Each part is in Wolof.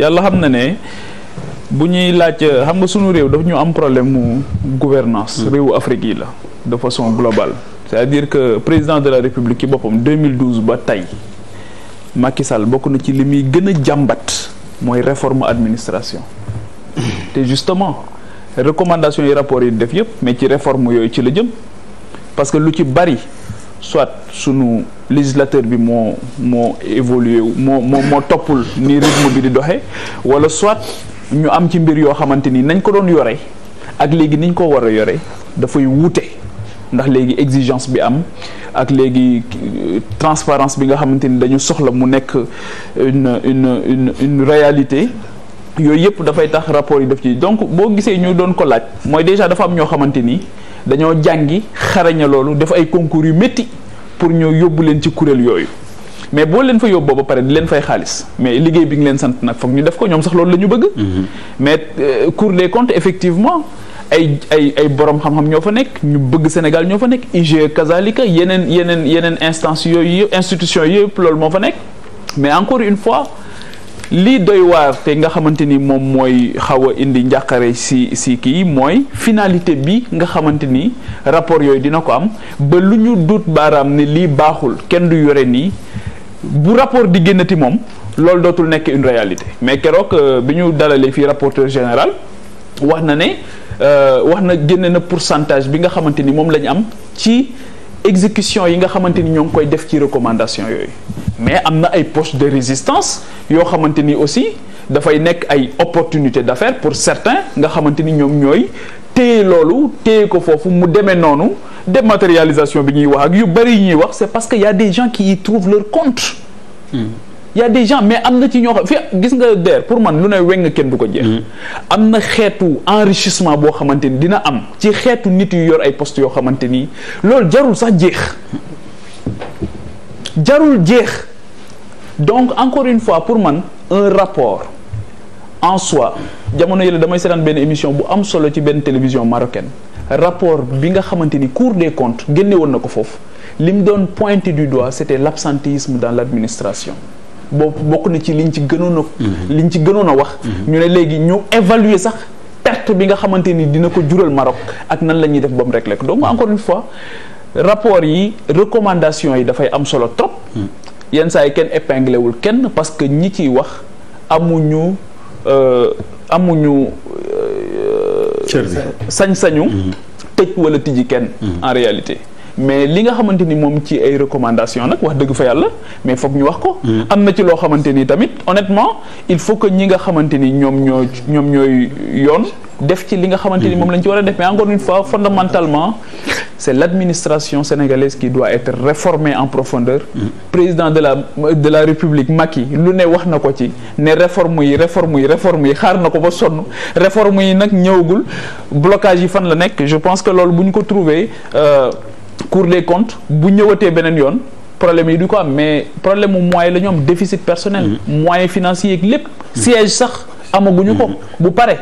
yàlla xam na ne bu ñuy laaj xam nga sunu réew dafa ñu am problème mu gouvernance mm. réewu Afrique yi la de façon globale c'est-à-dire que président de la République ci boppam 2012 ba tey Macky Sall bokk na ci li muy gën a jàmbat mooy réforme administration mm. te justement recommandation yi rapport yi def yëpp mais ci réforme yooyu ci la jëm parce lu ci bari soit sunu législateur bi moo moo évoluer wu moo moo moo toppul ni rythme bi di doxee wala soit ñu am ci mbir yoo xamante ni nañ ko doon yore ak léegi niñ ko war a yore dafay wuute ndax léegi exigence bi am ak léegi euh, transparence bi nga xamante ni dañu soxla mu nekk euh, une une une une réalité yooyu yëpp dafay tax rapport yi def ci donc boo gisee ñu doon ko laaj mooy déjà dafa am ñoo xamante ni dañoo jàngi xaraña loolu def ay concours yu métti pour ñoo yóbbu leen ci kuréel yooyu mais boo leen fa yóbboo ba pare di leen fay xaalis mais liggéey bi nga leen sant nag foog ñu def ko ñoom sax loolu la bëgg. Mm-hmm. mais euh, Cour des comptes effectivement ay ay ay borom xam-xam ñoo fa nekk ñu bëgg Sénégal ñoo fa nekk IGE kazalika yeneen yeneen yeneen instance yooyu yëpp institution yooyu yëpp loolu moo fa nekk mais encore une fois. lii doy waar te nga xamante ni moom mooy xaw a indi njàqare si si kii mooy finalité bi nga xamante ni rapport yooyu dina ko am ba lu ñu duut baaraam ne lii baaxul kenn du yore nii bu rapport di génnati moom loolu dootul nekk une réalité mais keroog euh, bi ñu dalalee fii rapporteur général wax na ne euh, wax na génne na pourcentage bi nga xamante ni moom la ñu am ci exécution yi nga xamante ni ñoo ngi koy def ci recommandation yooyu mais am na ay poches de résistance yoo xamante ni aussi dafay nekk ay opportunités d'affaires pour certains nga xamante ni ñoom ñooy téye loolu téye ko foofu mu demee noonu dématérialisation bi ñuy wax ak yu bari ñuy wax c'est parce que ya des gens qui y trouvent leur compte. Hmm. y a des gens mais am na ci ñoo xam fi gis nga der pour man lu ne weng kenn du ko jeex. Hmm. am na xeetu enrichissement boo xamante ni dina am ci xeetu nit yu yor ay postes yoo xamante ni loolu jarul sax jeex. jarul jeex donc encore une fois pour man un rapport en soi jamono yële damay seetaan benn émission bu am solo ci benn télévision marocaine rapport bi nga xamante ni Cour des comptes génne woon na ko foofu li mu doon pointé du doigt c'était l'absentéisme dans l'administration boo bokk na ci li liñ ci gënoon a mhm. liñ ci gënoon a wax mhm. ñu ne léegi ñu évaluer sax perte bi nga xamante ni dina ko jural Maroc ak nan la ñuy def ba rek réglé ko donc encore une fois rapport yi recommandation yi dafay am solo trop hmm. yenn saa yi kenn épinglé wul kenn parce que ñi ciy wax amuñu euh, amuñu euh, sañ-sañu hmm. tëj wala tijji kenn hmm. en réalité mais li nga xamante ni moom ci ay recommandation nag wax dëgg fa yàlla mais foog ñu wax ko. Mm. am na ci loo xamante ni tamit honnêtement il faut que ñi nga xamante ni ñoom ñoo ñoom ñooy yoon. def ci li nga xamante ni mm-hmm. moom lañ ci war a def mais encore une fois fondamentalement c'est l'administration sénégalaise qui doit être réformée en profondeur mm. président de la de la République Macky lu ne wax na ko ci ne réforme yi réforme yi réforme yi xaar na ko ba sonn réforme yi nag ñëwagul blocage yi fan la nekk je pense que loolu bu ñu ko trouver euh, cour des comptes bu ñëwatee beneen yoon problème yi du ko am mais problème mu moyen la ñu am déficit personnel. Mm-hmm. moyen financier yeeg lépp. siège sax amaguñu ko. Mm-hmm. bu pare.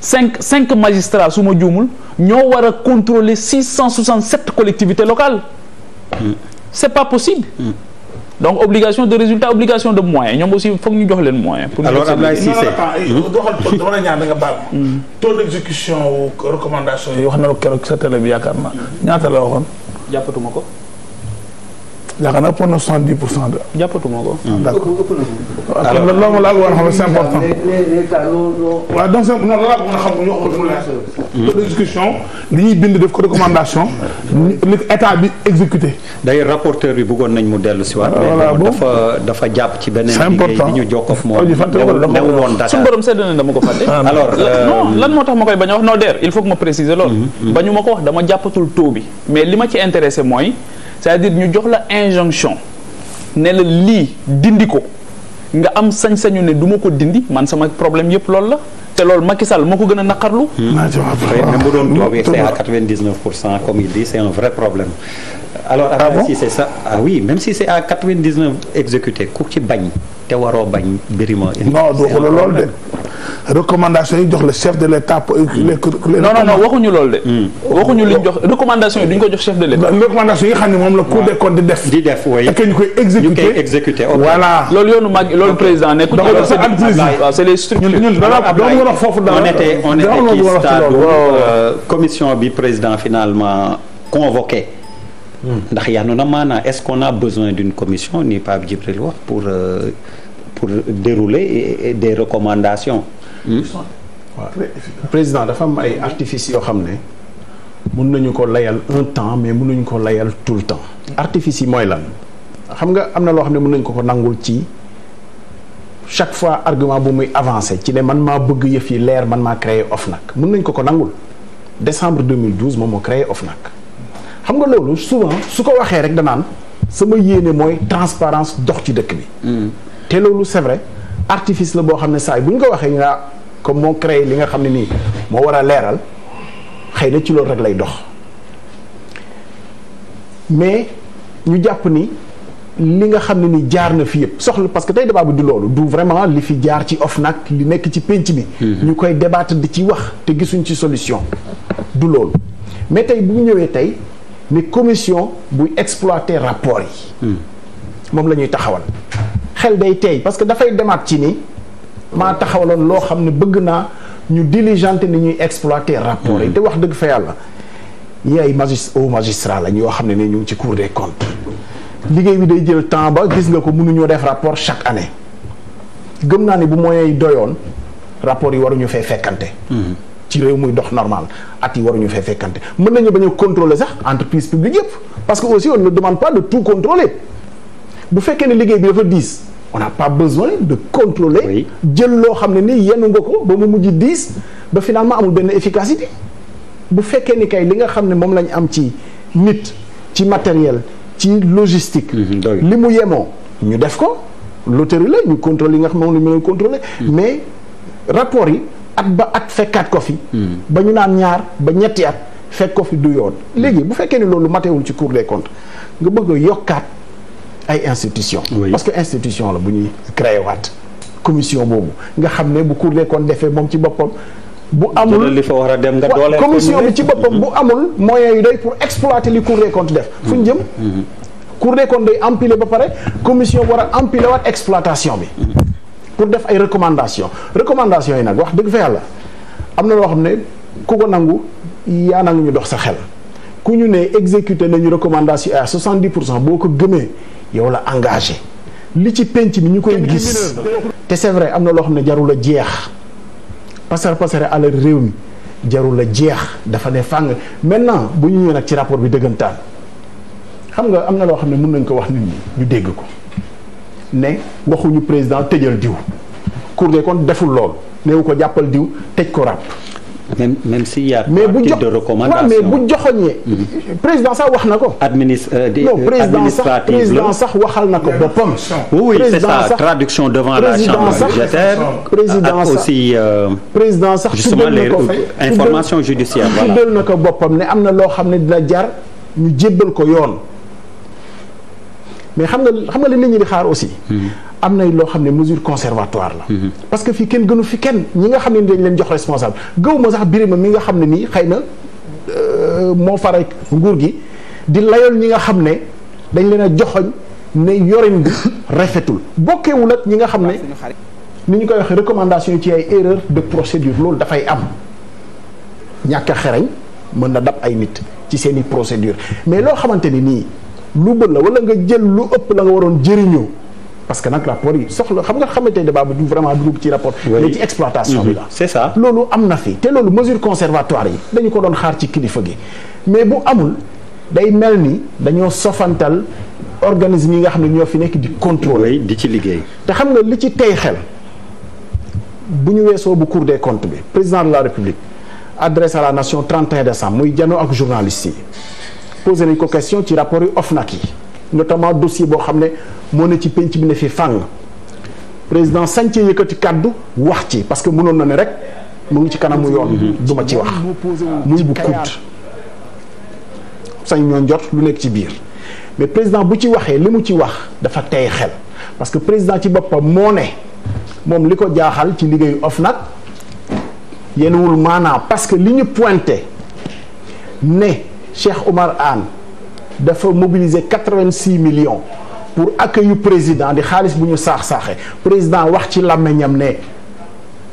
cinq cinq magistrats su ma juumul ñoo war a contrôler six cent soixante sept collectivités locales. Mm-hmm. c'est pas possible. donc obligation de résultat obligation de moyen ñoom aussi foog ñu jox leen moyen. pour alors Ablaye Cissé non non hmm? dama la ñaan da nga wax na la keroog sa télé bi yaakaar naa hmm. ñaata la waxoon. jàppatuma ko yaakaar naa pour ne soixante dix pour cent de. jàppatuma ko. Ah, d' accord alors loolu moom laa bëggoon xam c' est important. waaw xam ñu wax ko mu li ñuy bind def ko recommandation. li état bi exécuté. d'ailleurs rapporteur bi bëggoon nañ mu dellu si waat. Ah, voilà dafa dafa jàpp ci beneen. c' est important liggéey bi ñu jokkof moo. newul woon Dakar suñu borom sedd na dama ko fàtte. Ah, alors euh, lan moo tax ma koy bañ a wax non der il faut que ma préciser loolu. Mhm, mhm. bañu ma ko wax dama jàppatul taux bi mais li ma ci intéressé mooy. cest dire ñu jox la injonction ne la lii dindi ko nga am sañ-sañu ne du ma ko dindi man sama problème yëpp loolu la te loolu Macky Sall moo ko gën a naqarlu. Hmm. même bu doon toog hmm. c'est à 99 pour cent comme il dit c'est un vrai problème. alors ah bon? si c'est ça ah oui même si c'est à 99 exécuté ku ci bañ te waroo bañ birima. non doxul lool de. recommandation yi jox la chef de l' état. Mm. les non non waxuñu loolu de. Mm. waxuñu li ñu oh. jox recommandation yi duñ ko jox chef de l' état. recommandation yi nga xam ne moom la. cour des comptes di def. di def oui et que ñu koy exécuter ñu koy exécuter voilà. loolu yoonu mag loolu président nekkul. donc euh, commission bi président finalement convoqué. Hmm. ndax yaanu na maanaam est-ce qu'on a besoin d'une commission ni Pape Djibril wax pour euh, pour dérouler des recommandations waaw mmh. président dafa am ay artifices yoo xam ne mun nañu ko layal un temps mais mun nañu ko layal tout le temps. artifice yi mooy lan xam nga am na loo xam ne mun nañu ko ko nangul ci chaque fois argument bu muy avancé ci ne man maa bëgg yëf yi leer man maa créé nag mun nañ ko ko nangul décembre 2012 moom moo créé nag xam nga loolu souvent su ko waxee rek danaan sama yéene mooy transparence dox ci dëkk bi. Mmh. te loolu c'est artifice la boo xam ne saay bu ñu ko waxee naa ah comme moo créé li nga xam ne nii moo war a leeral xëy na ci loolu rek lay dox mais ñu jàpp ni li nga xam ne ni jaar na fi yëpp soxla parce que day débat bi du loolu du vraiment li fi jaar ci nag li nekk ci pénc bi mhm. ñu koy débattre di ci wax te gisuñ ci solution du loolu mais tey bu ñëwee tey ni commission buy exploiter rapport yi mhm. moom la ñuy taxawal xel day teey parce que dafay demaat ci ni maa taxawaloon loo xam ne bëgg naa ñu diligente ni ñuy exploiter rapport yi mm-hmm. te wax dëgg fa yàlla ñi ay magis au magistrat lañ yoo xam ne ne ñu ngi ci cour des comptes liggéey bi day jël temps ba gis nga ko mënuñoo def rapport chaque année gëm naa ni bu moyens doyoon rapport yi waruñu fee fekkante mm-hmm. ci réew muy dox normal at yi waruñu fee fekkante mën nañu bañ a sax entreprise publique yëpp parce que aussi on on n'a pas besoin de contrôler jël loo xam ne nii yenn nga ko ba mu mujj diis ba finalement amul benn efficacité bu fekkee ni kay li nga xam ne moom lañ am ci nit ci matériel ci logistique mhm, li mu yemoo ñu def ko loterie la ñu contrôler yi nga xam ne moom la ñu mhm. mais rapport yi at ba at fekkaat ko fi mhm. ba ñu naan ñaar ba ñetti at fekk ko fi du yoon léegi bu fekkee ni loolu matewul ci Cour des comptes nga bëgg a yokkaat ay institution parce que institution la bu ñuy créé waat commission boobu nga xam ne bu Cour des comptes defee moom ci boppam bu amul li fa war a dem nga doole commission bi ci boppam bu amul moyens yu doy pour exploiter li Cour des comptes def fu ñu jëm mm-hmm. Cour des comptes day empiler ba pare commission war a empiler waat exploitation bi pour def ay recommandation recommandation yi nag wax dëgg fa yàlla am na loo xam ne ku ko nangu yaa nangu ñu dox sa xel ku ñu ne exécuté nañu recommandation à 70 pour cent boo ko gëmee yow la engagé li ci penc mi ñu koy gis te c'est vrai am na loo xam ne jarul a jeex pasar pasare alal réew mi jarul a jeex dafa ne fàng maintenant bu ñu ñëwee nag ci rapport bi dëggantaan xam nga am na loo xam ne mën nañ ko wax nit ñi ñu dégg ko ne waxuñu président tëjal diw cour des comptes deful lool newu ko jàppal diw tëj ko ràpp même même s'il y a mais bu jox waaw mais bu joxoñee mhm. président sax wax na ko. Euh, euh, président sax waxal na ko boppam. oui c'est ça traduction devant la chambre budgétaire. président sax aussi. Euh, président sax justement les informations judiciaires voilà tuddal na ko boppam ne am na loo xam ne dina jar ñu jébbal ko yoon. mais xam nga xam nga li nit ñi di xaar aussi. Hmm. am na loo xam ne mesure conservatoire la. Hmm. parce que fii kenn gënu fi kenn ñi nga xam ne dañ leen jox responsable gëw ma sax Birima mi nga xam ne nii xëy na euh, moo faral nguur gi di layoon ñi nga xam ne dañ leen a joxoñ ne yorin bi rafetul bokkewul ak ñi nga xam ne. nu ñu koy waxee recommandation ci ay erreur de procédure loolu dafay am ñàkk xereñ mën na dab ay nit ci seen i procédure mais loo xamante ni nii. lu bën la wala nga jël lu ëpp la nga waroon jëriñoo parce que nag rapport yi soxla xam nga xamante ne débat bi bu vraiment dugub ci rapport. mais ci exploitation bi mhm. la. c'est ça fi te loolu mesure conservatoire yi dañu ko doon xaar ci kilifa gi mais bu amul day mel ni dañoo sofantal organisme yi nga xam ne ñoo fi nekk di contrôler di ci liggéey. te xam nga li ci tey xel bu ñu weesoo bu cour de comptes bi président de la république adresse à la nation 31 décembre muy janoo ak journaliste yi. posé nañ ko question ci rapport yu OFNAC yi notamment dossier boo xam ne moo ne ci penc bi ne fi fàng président sañ cee yëkkati kàddu wax ci parce que munoon na ne rek mu ngi ci kanamu yoon duma ci wax muy bu kuut sañ ñoo jot lu nekk ci biir mais président bu ci waxee li mu ci wax dafa tey xel parce que président ci boppam moo ne moom li ko jaaxal ci liggéeyu OFNAC yéenewul maanaam parce que li ñu pointé ne Cheikh Oumar Anne dafa mobiliser quatre-vingt-six millions pour ak accueillir président di xaalis bu ñu saax saaxee président wax ci làmmiñam ne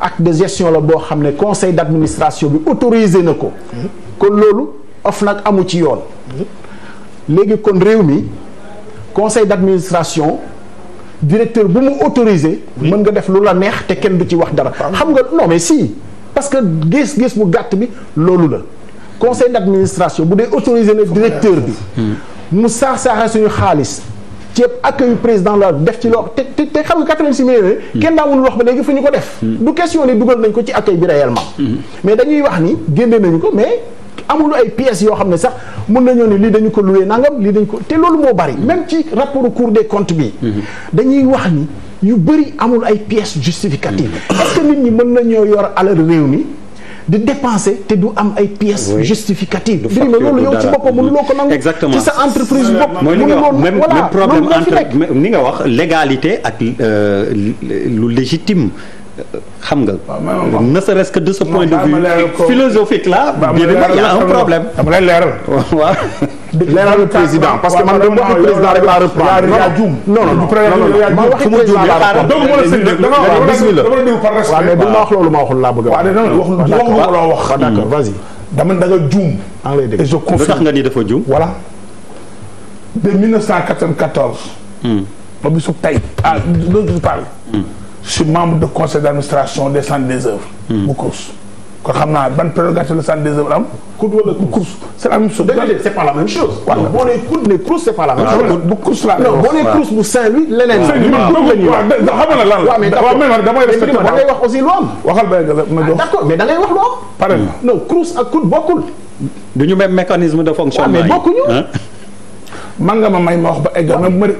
acte de gestion la boo xam ne conseil d'administration bi autorisé na ko kon loolu of nag amu ci yoon léegi kon réew mi conseil d'administration directeur bu mu autorisé mën nga def lu la neex te kenn du ci wax dara xam nga non mais si parce que gis-gis bu gàtt bi loolu la conseil d' bu dee autorisé na directeur bi mu saax saaxee suñu xaalis ceeb accueil président la def ci loo te te xam nga 86 millions yi daa mënul wax ba léegi fu ñu ko def mm. du question ni dugal nañ ko ci accueil bi réellement mm. mais dañuy wax ni génne nañu ko mais amul ay pièces yoo xam ne sax mën nañoo ne lii dañu ko loué nangam lii dañu ko te loolu moo bari même ci rapport cour des comptes bi mm-hmm. dañuy wax ni yu bëri amul ay pièces justificatives mm-hmm. est-ce que nit ñi mën nañoo yor alal réew mi di dépenser te du am ay pièces justificatives Birima loolu yow ci boppam mënuloo ko nangu exactement ci sa entreprise bopp mooy li nga wax même problème entre ni nga wax légalité ak euh, lu légitime xam nga. ne serait-ce que a un problème. dama lay leeral. waaw. président parce que man de waxi président rek laa reprendre. non non non su ma juumee waaw mais bu ma wax loolu ma waxul laa bëgg a wax. waaw wax d'accord vas-y. dama da nga juum. maa ngi lay dégg et je confirme lu tax nga ni dafa juum. voilà de 1994. Hmm. ba bisu tey ah loolu je parle. je membre de conseil d' administration des centres des œuvres. Hmm. bu CROUS. kon xam naa ban prérogative le centre des œuvres am. CROUS wala CROUS. pas la même chose. waaw boo nee CROUS pas la même ah, chose. bu CROUS laa non boo bu Saint-Louis leneen. waaw waaw lan la. mais d' accord wax aussi lu am. waxal ba ma jox ah, d' accord lu am. pare na non mécanisme de fonctionnement yi waaw mais man nga ma may ma wax ba eggal même bu ma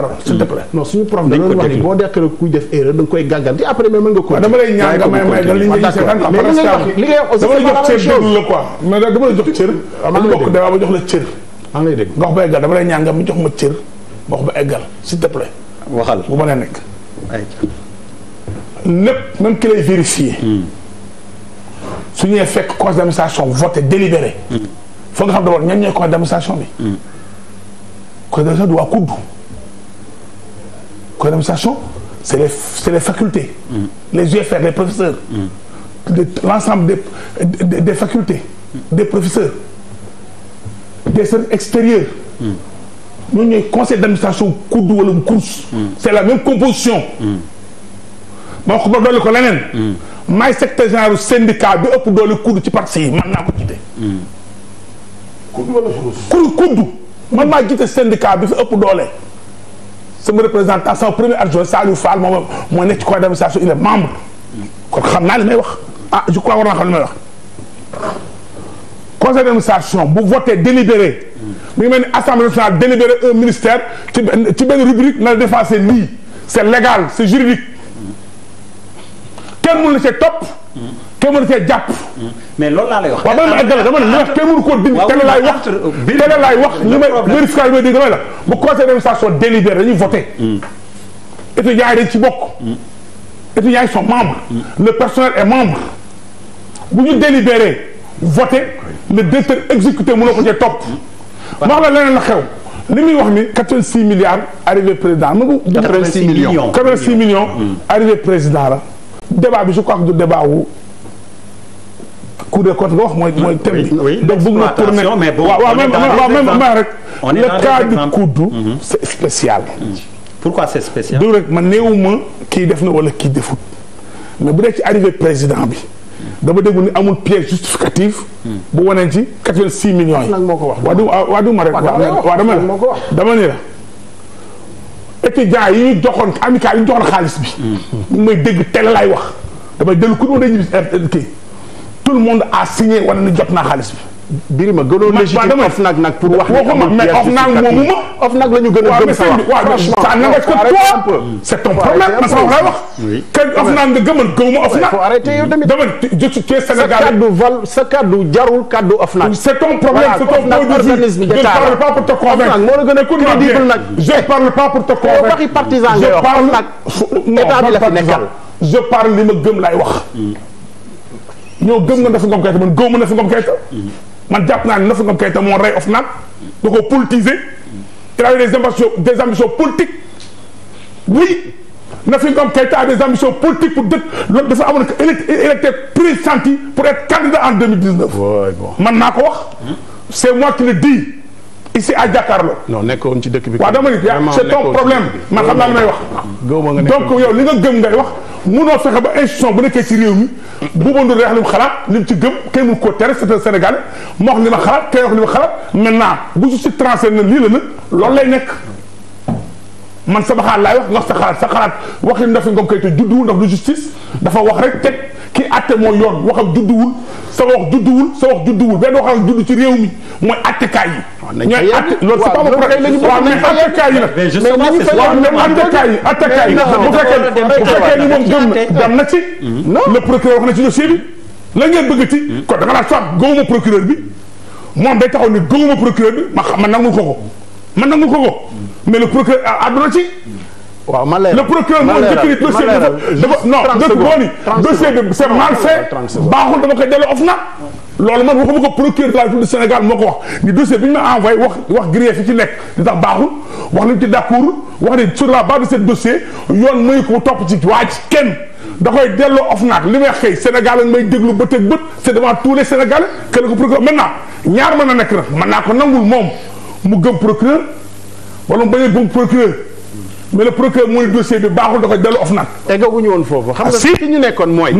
hmm. suñu prof da doon wax ni boo koy gàgganti après mais mën nga ko dama la jox cër déglu la quoi mais dama la jox cër lu bokk damaa ba jox la cër maa ngi lay dégg nga wax ba eggal dama lay ñaan nga mu jox ma cër ma wax ba eggal s'il te plaît waxal bu ma nee nekk lépp même ki lay vérifier hmm. su ñuy fekk conseil d'administration délibéré hmm. foog nga xam d'abord ñan ñooy conseil Coordination de Wakudu. Coordination, c'est les, c'est les facultés, mmh. les UFR, les professeurs, mmh. de, l'ensemble des, des, des facultés, mmh. des professeurs, des services extérieurs. Mm. Nous avons conseil d'administration, Koudou ou le course. Mm. C'est la même composition. ma ko ba dolli ko leneen. Mm. maay secteur général syndicat bi ëpp doole kudd ci parti ma naa ko jiite. kudd wala kurus. man maa jiite syndicat bi fi ëpp doole sama représentant sama premier adjoint Saliou Fall moom moo nekk ci conseil d'administration il est membre xam naa li may wax ah je crois war naa xam li may conseil d'administration bu voté délibéré mi ngi mel ni assemblée nationale délibéré un ministère ci benn ci benn rubrique na la défensé nii c'est légal c'est juridique kenn mënu la see topp kenn mënu see jàpp. mais loolu laa lay wax. dama ne li wax kenn mënu koo dindi. waaw laay wax teel laay wax li may li may risqué may dégg damay la bu conseil d'administration délibéré dañuy voté. Mm. étudiants yi dañ ci bokk. Mm. étudiants yi mm. le personnel est membre. bu ñu délibéré voté le directeur exécuté mu ko cee top wax la leneen la xew. li muy wax ni 86 milliards arrivé président ma bu. 86 millions 86 millions. arrivé président la. débat bi je crois du débat wu. coup de côte nga wax mooy mooy thème bi donc bëgg na tourner waaw même ma rek le cas du kuddu mhm. c'est spécial mhm. pourquoi du rek ma néewuma kii def na wala kii defut mais bu dee ci arrivé président bi dama dégg ni amul pièce justificative bu waneen ci million millions yi waa du ah, waa du ma rek waa dama ne dama ne la étudiants yi ñu joxoon amical yi ñu joxoon xaalis bi ñu mhm. may dégg télé laay wax damay dellu ku doon dañu kii tout le monde a signé wane ni jot naa xaalis bi. Birima gënoon légitime OFNAC nag pour wax ni amul mais OFNAC moomu ma. OFNAC la ñu gën a gëm sa wax franchement ça n'engage que toi c'est ton problème ma sama laa wax. oui que OFNAC nga gëmal gëmuma OFNAC. faut arrêter yow tamit dama jëstu cee Sénégal. sa kaddu val sa kaddu jarul kaddu OFNAC. c'est ton problème c'est ton organisme d'État je parle pas pour te convaincre. moo la gën a crédible nag. je parle pas pour te convaincre. waxi partisan nga wax. je parle état bi la fi nekkal. je parle li ma gëm laay wax. Hmm. ñoo gëm nga Nafi Ngom Keïta man gëw ma Nafi Ngom Keïta mm-hmm. man jàpp naa ne Nafi Ngom Keïta moo rey OFNAC da ko politiser mm-hmm. il a des ambitions des ambitions politiques oui Nafi Ngom Keïta a des ambitions politiques pour dëkk loolu dafa amoon que il était pressenti pour être candidat en 2019 man naa ko wax mm-hmm. c'est moi qui le dis ici à Jakaarlo. non nekkoon ci dëkk bi. waaw dama ni c'est ton problème man xam naa li may wax. donc yow li nga gëm ngay wax. mu munoo fexe ba institution bu nekkee ci réew mi bu bandu reex li mu xalaat li mu ci gëm kay mun koo tere c'est un moo wax li xalaat kay wax li ma xalaat maintenant bu su si transfert na lii la nag loolu lay nekk man sama xalaat laay wax nga sa xalaat sa xalaat wax na fi ngom kay te judduwul ndax du justice dafa wax rek teg ki àtte mooy yoon waxam judduwul sa wax judduwul sa wax judduwul benn wax judd ci réew mi mooy àttekaay yi. ñooy àtte loolu c'est pas mon problème waaw mais àttekaay yi la. mais àttekaay yi bu fekkee bu fekkee ni moom gëm na dem na ci. Mm-hmm. le procureur wax na ci dossier bi la ngeen bëgg ci. Mm-hmm. kon da nga naan soit gëwuma procureur bi moom day taxaw ne gëwuma procureur bi ma xam man nangul ko ko man nangul ko ko mais le procureur àddu na ci. waaw ma leeral le procureur moo njëkk dossier dafa non dëkk dossier bi c'est mal fait baaxul dama koy delloo of na loolu man waxuma ko procureur de la République Sénégal moo ko wax ni dossier bi ñu ma envoyé wax wax grief yi ci nekk di tax baaxul wax nañu ci d'accord wax ne sur la base de ce dossier yoon mooy ko topp ci waa kenn da koy delloo of naag li may xëy Sénégal may déglu bët ak bët c'est devant tous les Sénégalais que le procureur maintenant ñaar mën na nekk na naa ko nangul moom mu gëm wala mu bañ a bokk procureur mais le procureur mu ne dossier bi baaxul da ko dellu OFNAC. teggaguñu woon foofu. xam nga ah, fi ñu nekkoon mooy.